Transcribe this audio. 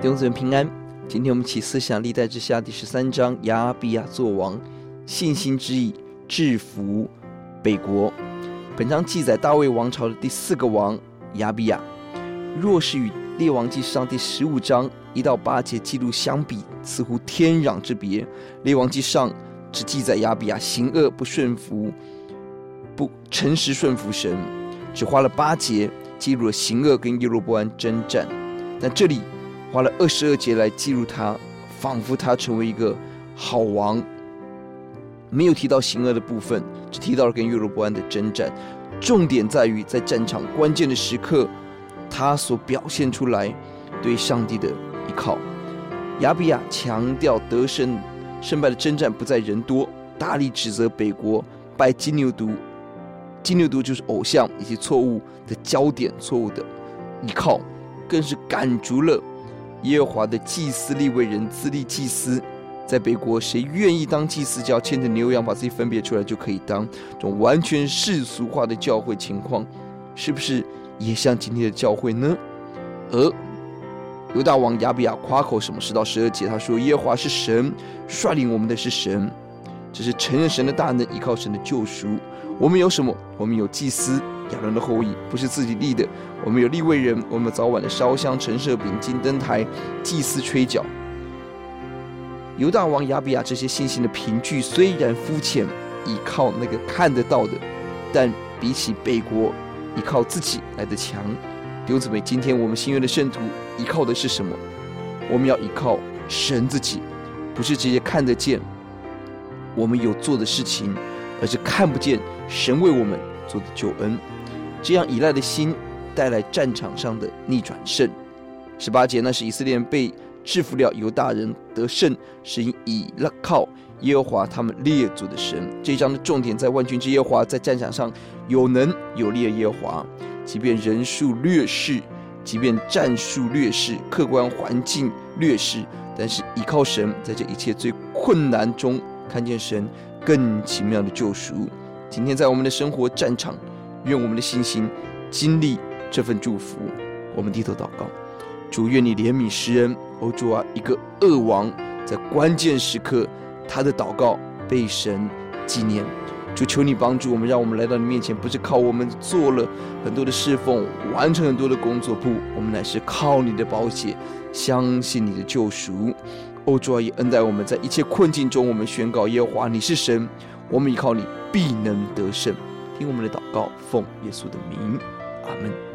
弟兄們平安，今天我們起思想歷代志下第十三章亞比雅作王，信心之役制服北國。本章記載大衛王朝的第四個王亞比雅，若是與列王紀上第十五章一到八節記錄相比，似乎天壤之別。列王紀上只記載亞比雅行惡不順服，不誠實順服神，只花了八節記錄了行惡跟耶羅波安征戰，但這裡。花了二十二節來記錄他，仿佛他成為一個好王。沒有提到行惡的部分，只提到了跟耶羅波安的征戰。重點在於在戰場關鍵的時刻，他所表現出來對上帝的依靠。亞比雅強調得勝、勝敗的征戰不在人多，大力指責北國拜金牛犢。金牛犢就是偶像以及錯誤的焦點、錯誤的依靠，更是趕逐了。耶和華的祭司利未人，自立祭司，在北國誰願意當祭司，只要牽着牛羊把自己分別出來，就可以當。這種完全世俗化的教會情況，是不是也像今天的教會呢？呃，猶大王亞比雅誇口什麼？十到十二節他說：“耶和華是神，率領我們的是神，這是承認神的大能，依靠神的救贖。我們有什麼？我們有祭司。”亞倫的後裔不是自己立的，我們有利未人，我們早晚的燒香、陳設餅、金燈臺、祭司、吹角。猶大王亞比雅這些信心的憑據雖然膚淺，依靠那個看得到的，但比起北國依靠自己來得強。弟兄姊妹，今天我們新約的聖徒依靠的是什麼？我們要依靠神自己，不是這些看得見我們有做的事情，而是看不見神為我們做的救恩。這樣依賴的心，帶來戰場上的逆轉勝。十八節，那時以色列被制服了，猶大人得勝，是倚了靠耶和華他們列祖的神。這一章的重點在萬軍之耶和華在戰場上有能有力的耶和華，即便人數劣勢，即便戰術劣勢，客觀環境劣勢，但是依靠神，在這一切最困難中看見神更奇妙的救贖。今天在我們的生活戰場。願我們的信心經歷這份祝福。我們低頭禱告，主，願你憐憫世人。哦，主啊，一個惡王在關鍵時刻，他的禱告被神紀念。主，求你幫助我們，讓我們來到你面前，不是靠我們做了很多的侍奉，完成很多的工作，不，我們乃是靠你的寶血，相信你的救贖。哦，主啊，也恩待我們在一切困境中。我們宣告耶和華，你是神，我們依靠你，必能得勝。因為我們的禱告，奉耶穌的名，阿門。